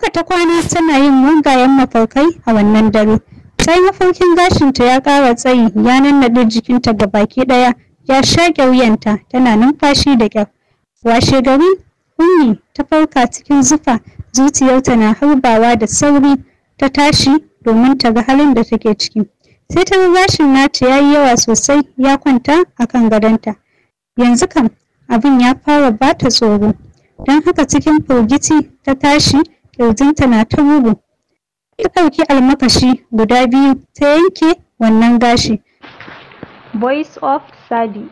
Haka ta kwana tana yin mugayen mafarkai a wannan dare. Sai mafarkin gashinta ya ƙara tsayi ya nannaɗe jikinta ga baki ɗaya ya shaƙe wuyanta tana numfashi da kyau. Washe gari kunni ta farka cikin zufa zuciyarta na harbawa da sauri ta tashi domin ta ga halin da take ciki. Sai ta gashin nata ya yi yawa sosai ya kwanta a kan gadonta. Yanzu kam abin ya fara bata tsoro. Don haka cikin firgici ta tashi ƙirjinta na ta bugu ta ɗauki almakashi guda biyu ta yanke wannan gashi voice of sadi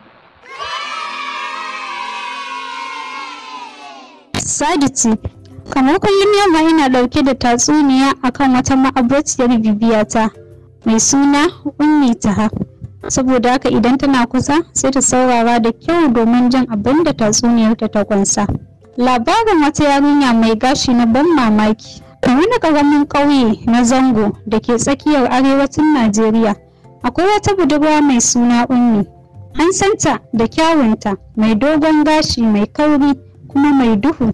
sadi ce kamar kullum yamma yana ɗauke da tatsuniya akan wata ma'abraciyar bibiyata mai suna ta taha saboda haka idan tana kusa sai ta saurara da kyau domin jin abin da tatsuniyar ta ta kunsa. labarin wata yarinya mai gashi na ban mamaki a wani ƙaramin ƙauye na zango da ke tsakiyar arewacin najeriya akwai wata budurwa mai suna ummi an santa da kyawunta mai dogon gashi mai kauri kuma mai duhu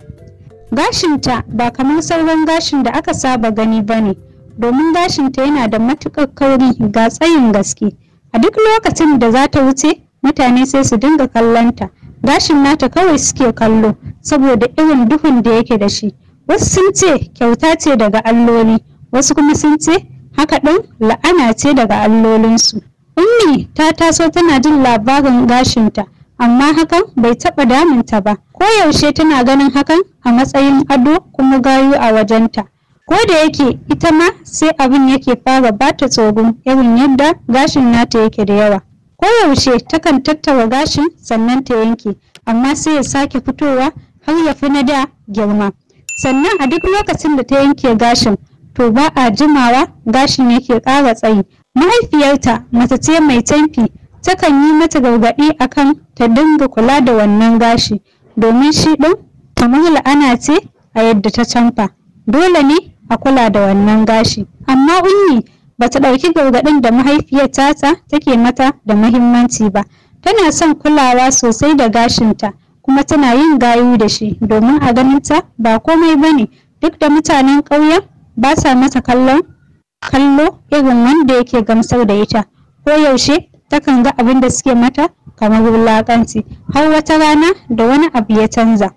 gashinta ba kamar sauran gashin da aka saba gani ba ne domin gashinta yana da matuƙar kauri ga tsayin gaske a duk lokacin da za ta wuce mutane sai su dinga kallonta. gashin nata kawai suke kallo saboda irin duhun da yake da shi wasu sun ce kyauta ce daga alloli wasu kuma sun ce haka ɗin la'ana ce daga allolinsu ummi ta taso tana jin labarin gashinta amma hakan bai taɓa damunta ba koyaushe tana ganin hakan a matsayin ado kuma gayu a wajenta ko da yake ita ma sai abin yake fara bata tsoron irin yadda gashin nata yake da yawa koyaushe takan tattara gashin sannan ta yanke amma sai ya sake fitowa har ya fi na da girma sannan a duk lokacin da ta yanke gashin to ba a jimawa gashin yake ƙara tsayi mahaifiyarta mace ce mai tamfi takan yi mata gargaɗi akan ta dinga kula da wannan gashi domin shi ɗin kamar la'ana ce a yadda ta canfa dole ne a kula da wannan gashi amma ummi bata ɗauki gargaɗin da mahaifiyar ta take mata da muhimmanci ba tana son kulawa sosai da gashinta kuma tana yin gayu da shi domin a ganin ta ba komai bane duk da mutanen ƙauyen ba sa mata kallon kallo irin wanda yake gamsar da ita ko yaushe takan ga abin da suke mata kamar wulaƙanci har wata rana da wani abu ya canza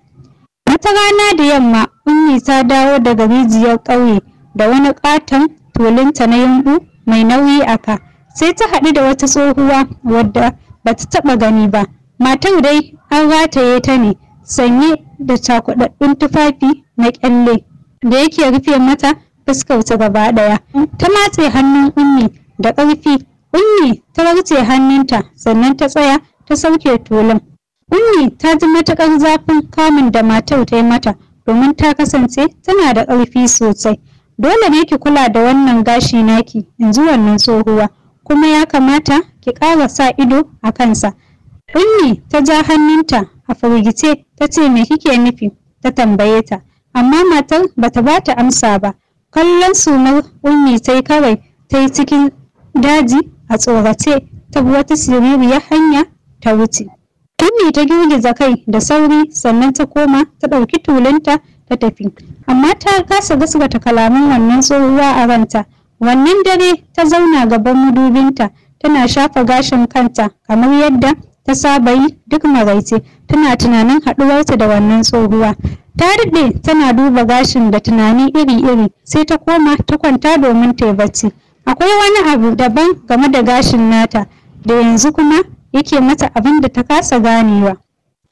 wata rana da yamma ummi ta dawo daga rijiyar ƙauye da wani ƙaton hulinta na yungu mai nauyi a ka sai ta haɗu da wata tsohuwa wadda ba ta taɓa gani ba matar dai an rataye ta ne sanye da cakuɗaɗɗun tufafi na ƙyalle da yake rufe mata fuskarta gaba ɗaya ta matse hannun ummi da ƙarfi ummi ta warce hannunta sannan ta tsaya ta sauke tulun ummi ta ji matuƙar zafin kamun da matar ta yi mata domin ta kasance tana da ƙarfi sosai Dole ne ki kula da wannan gashi naki, yanzu wannan tsohuwa, kuma ya kamata ki ƙara sa ido a kansa. Ummi ta ja hannunta a firgice ta ce me kike nufi ta tambaye ta, amma matar bata ba ta amsa ba. Kallon sunar Ummi ta yi kawai ta yi cikin daji a tsorace ta bi wata siririyar hanya ta wuce. Ummi ta girgiza kai da sauri sannan ta koma ta ɗauki tulunta ta tafi amma ta kasa gasgata kalaman wannan tsohuwa a ranta wannan dare ta zauna gaban madubinta tana shafa gashin kanta kamar yadda ta saba yi duk maraice tana tunanin haɗuwarta da wannan tsohuwa ta daɗe tana duba gashin da tunani iri-iri sai ta koma ta kwanta domin ta yi bacci akwai wani abu daban game da gashin nata da yanzu kuma yake mata abin da ta kasa ganewa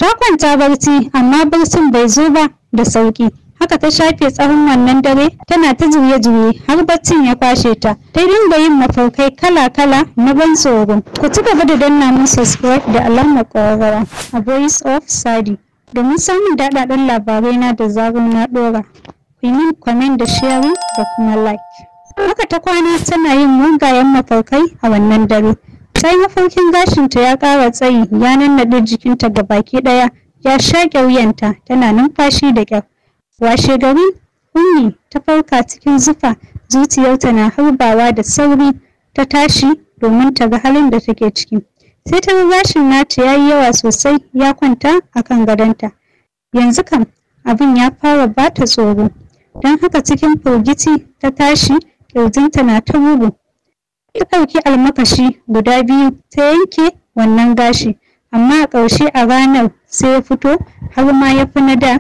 Ta kwanta barci amma barcin bai zo ba da sauki. Haka ta shafe tsawon wannan dare tana ta juye-juye har baccin ya kwashe ta. Ta dinga yin mafarkai kala-kala na ban tsoro. Ku ci gaba da danna mun subscribe da alamar ƙwararra a Voice of Sadi. Domin samun daɗaɗɗen labarai na da zarar na ɗora. Ku yi min da sharing da kuma like. Haka ta kwana tana yin mugayen mafarkai a wannan dare. sai mafarkin gashinta ya ƙara tsayi ya nannaɗe jikinta ga baki ɗaya ya shaƙe wuyanta tana numfashi da kyau. washe gari kunni ta farka cikin zufa zuciyarta na harbawa da sauri ta tashi domin ta ga halin da take ciki sai ta gashin nata ya yi yawa sosai ya kwanta a kan gadonta yanzu kan abin ya fara bata tsoro don haka cikin firgici ta tashi ƙirjinta na ta bugu ta ɗauki almakashi guda biyu ta yanke wannan gashi amma a ƙarshe a ranar sai ya fito har ma ya fi na da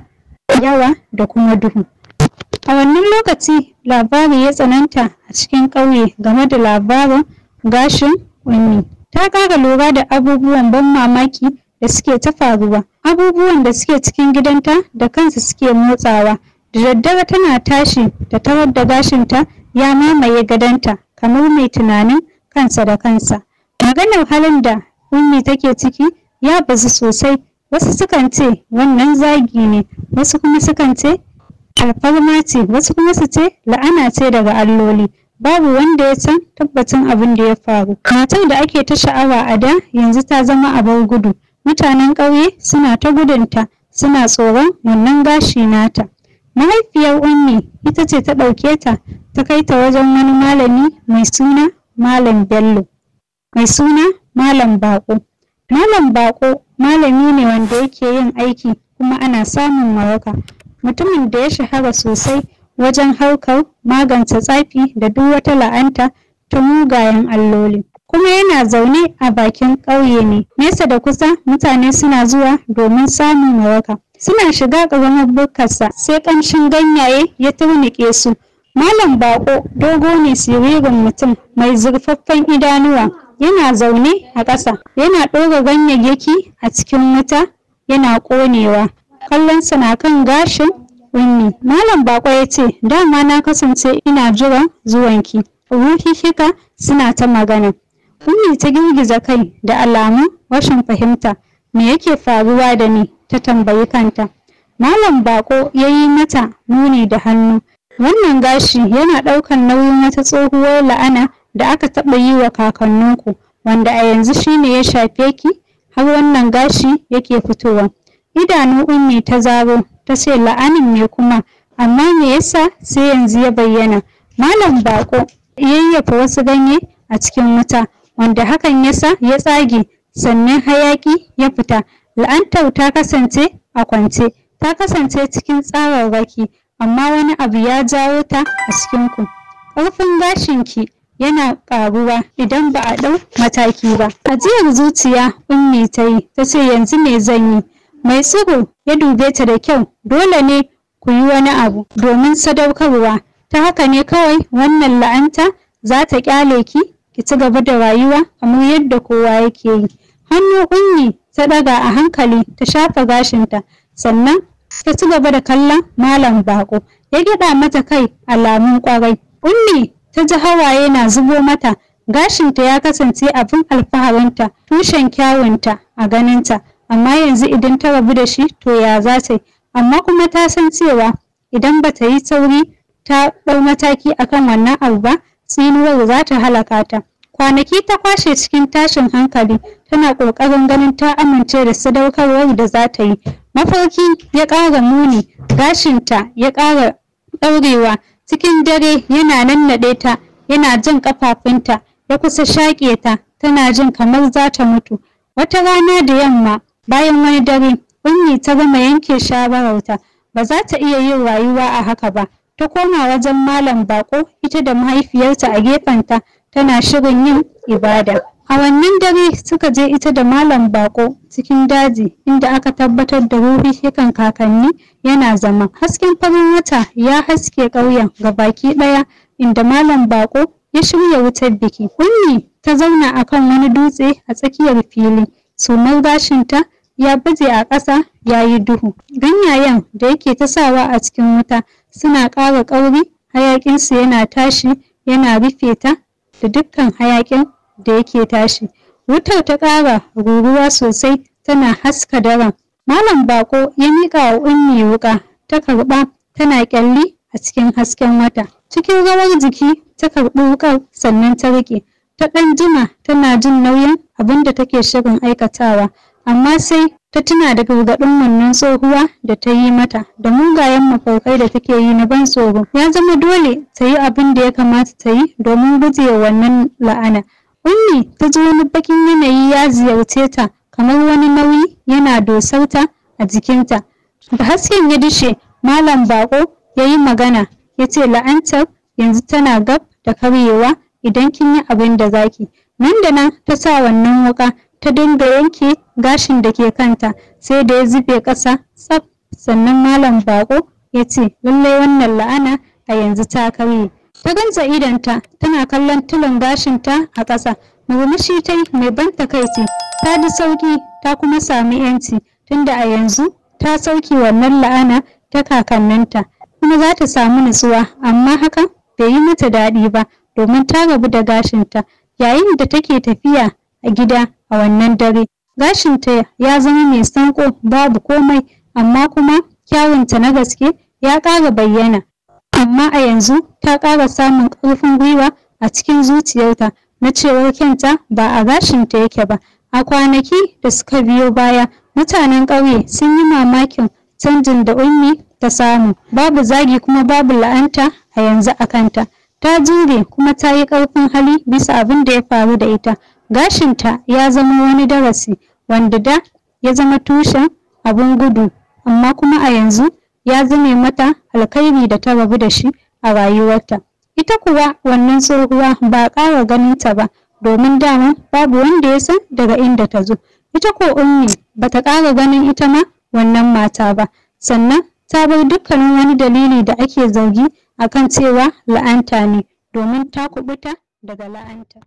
yawa da kuma duhu a wannan lokaci labari ya tsananta a cikin ƙauye game da labarin gashin unni ta ƙara lura da abubuwan ban mamaki da suke ta faruwa abubuwan da suke cikin gidanta da kansu suke motsawa da daddare tana tashi da tarar da gashinta ya mamaye gadonta kamar mai tunanin kansa da kansa. Maganar halin da Ummi take ciki ya bazu sosai, wasu sukan ce wannan zagi ne, wasu kuma sukan ce alfarma ce, wasu kuma su ce la'ana ce daga alloli. Babu wanda ya san tabbacin abin da ya faru. Matar da ake ta sha'awa a da yanzu ta zama abar gudu. Mutanen ƙauye suna ta gudunta, suna tsoron wannan gashi nata. Mahaifiyar Ummi ita ce ta ɗauke ta ta kai ta wajen wani malami mai suna Malam Bello, mai suna Malam Bako. Malam Bako malami ne wanda yake yin aiki kuma ana samun waraka. Mutumin da ya shahara sosai wajen harkar magance tsafi da duk wata la'anta ta mugayen alloli. Kuma yana zaune a bakin ƙauye ne, nesa da kusa mutane suna zuwa domin samun mawaka Suna shiga ƙaramar bukkarsa sai ƙamshin ganyaye ya turnike su. Malam Bako dogo ne siririn mutum mai zurfaffen idanuwa yana zaune a ƙasa yana ɗora ganyayyaki a cikin wuta yana ƙonewa kallonsa na kan gashin wuni. malam bako ya ce dama na kasance ina jiran zuwanki ruhihika suna ta magana Wuni ta girgiza kai da alamu rashin fahimta me yake faruwa da ni ta tambayi kanta malam bako ya yi mata nuni da hannu Wannan gashi yana ɗaukan nauyin wata tsohuwar la'ana da aka taɓa yi wa kakanninku, wanda a yanzu shi ne ya shafe ki, har wannan gashi yake fitowa. Idanu Ummi ta zaro, ta ce la'anin me kuma, amma me yasa sai yanzu ya bayyana. Malam Baƙo yayyafa wasu ganye a cikin wuta, wanda hakan yasa ya tsage, sannan hayaƙi ya fita. La'antar ta kasance a kwance, ta kasance cikin tsararraki. amma wani abu ya jawo ta a cikin ku ƙarfin gashinki yana ƙaruwa idan ba a ɗau mataki ba ajiyar zuciya ummi ta yi ta ce yanzu me zan yi mai tsiro ya dube ta da kyau dole ne ku yi wani abu domin sadaukarwa ta haka ne kawai wannan la'anta za ta ƙyale ki ki ci gaba da rayuwa kamar yadda kowa yake yi hannu ummi ta ɗaga a hankali ta shafa gashinta sannan ta ci gaba da kallon malam bako ya gyaɗa mata kai alamun kwarai unni ta ji hawaye na zubo mata gashinta ya kasance abin alfaharinta tushen kyawunta a ganinta amma yanzu idan ta rabu da shi to ya za ta yi amma kuma ta san cewa idan ba ta yi sauri ta ɗau mataki akan wannan abu ba tsinuwar za ta halaka ta Kwanaki ta kwashe cikin tashin hankali, tana ƙoƙarin ganin ta amince da sadaukarwar da za ta yi. Mafarki ya ƙara muni, gashinta ya ƙara ɗaurewa, cikin dare yana nannaɗe ta, yana jin ƙafafunta, ya kusa shaƙe ta, tana jin kamar za ta mutu. Wata rana da yamma, bayan wani dare, Ummi ta gama yanke shawararta, ba za ta iya yin rayuwa a haka ba. Ta koma wajen Malam Bako, ita da mahaifiyarta a gefenta. tana shirin yin ibada. A wannan dare suka je ita da Malam Bako cikin daji inda aka tabbatar da ruhi yakan kakanni yana zama. Hasken farin wata ya haske ƙauyen ga baki ɗaya inda Malam Bako ya shirya wutar biki. Kunni ta zauna a kan wani dutse a tsakiyar fili. Sumar gashinta ya baje a ƙasa ya yi duhu. Ganyayen da yake ta sawa a cikin wuta suna ƙara ƙauri hayaƙinsu yana tashi yana rufe ta da dukkan hayaƙin da yake tashi. Wutar ta ƙara ruruwa sosai tana haska daren. Malam Bako ya miƙa wa Ummi wuƙa ta karɓa tana ƙyalli a cikin hasken wata. Cikin rawar jiki ta karɓi wuƙar sannan ta riƙe. Ta ɗan jima tana jin nauyin abin da take shirin aikatawa amma sai ta tuna da gargaɗin wannan tsohuwa da ta yi mata da mugayen mafarkai da take yi na ban tsoro ya zama dole ta yi abin da ya kamata ta yi domin gujewa wannan la'ana ummi ta ji wani bakin yanayi ya ziyarce ta kamar wani nauyi yana dosauta a jikinta da hasken ya dishe malam bako ya yi magana ya ce la'antar yanzu tana gab da karyewa idan kin yi abin da zaki nan da nan ta sa wannan wuka ta dinga yanke gashin da ke kanta sai da ya zube ƙasa tsaf sannan malam bako ya ce lallai wannan la'ana a yanzu ta karye ta gantsa idanta tana kallon tulon gashinta a ƙasa murmushi ta yi mai ban takaici ta ji sauƙi ta kuma sami yanci tunda a yanzu ta sauki wannan la'ana ta kakanninta kuma za ta samu nutsuwa amma hakan bai yi mata daɗi ba domin ta rabu da gashinta yayin da take tafiya a gida a wannan dare gashinta ya zama mai sanko babu komai amma kuma kyawunta na gaske ya ƙara bayyana amma a yanzu ta ƙara samun ƙarfin gwiwa a cikin zuciyarta na cewar kyanta ba a gashinta yake ba a kwanaki da suka biyo baya mutanen ƙauye sun yi mamakin canjin da ummi ta samu babu zagi kuma babu la'anta a yanzu a kanta ta jure kuma ta yi ƙarfin hali bisa abin da ya faru da ita Gashinta ya zama wani darasi wanda da ya zama tushen abun gudu amma kuma a yanzu ya zame mata alkhairi da ta rabu da shi a rayuwarta. Ita kuwa wannan tsohuwa ba a ƙara ta ba domin dama babu wanda ya san daga inda ta zo. Ita ko ummi ba ta ƙara ganin ita ma wannan mata ba sannan ta bar dukkanin wani dalili da ake zargi akan cewa la'anta ne domin ta kubuta daga la'anta.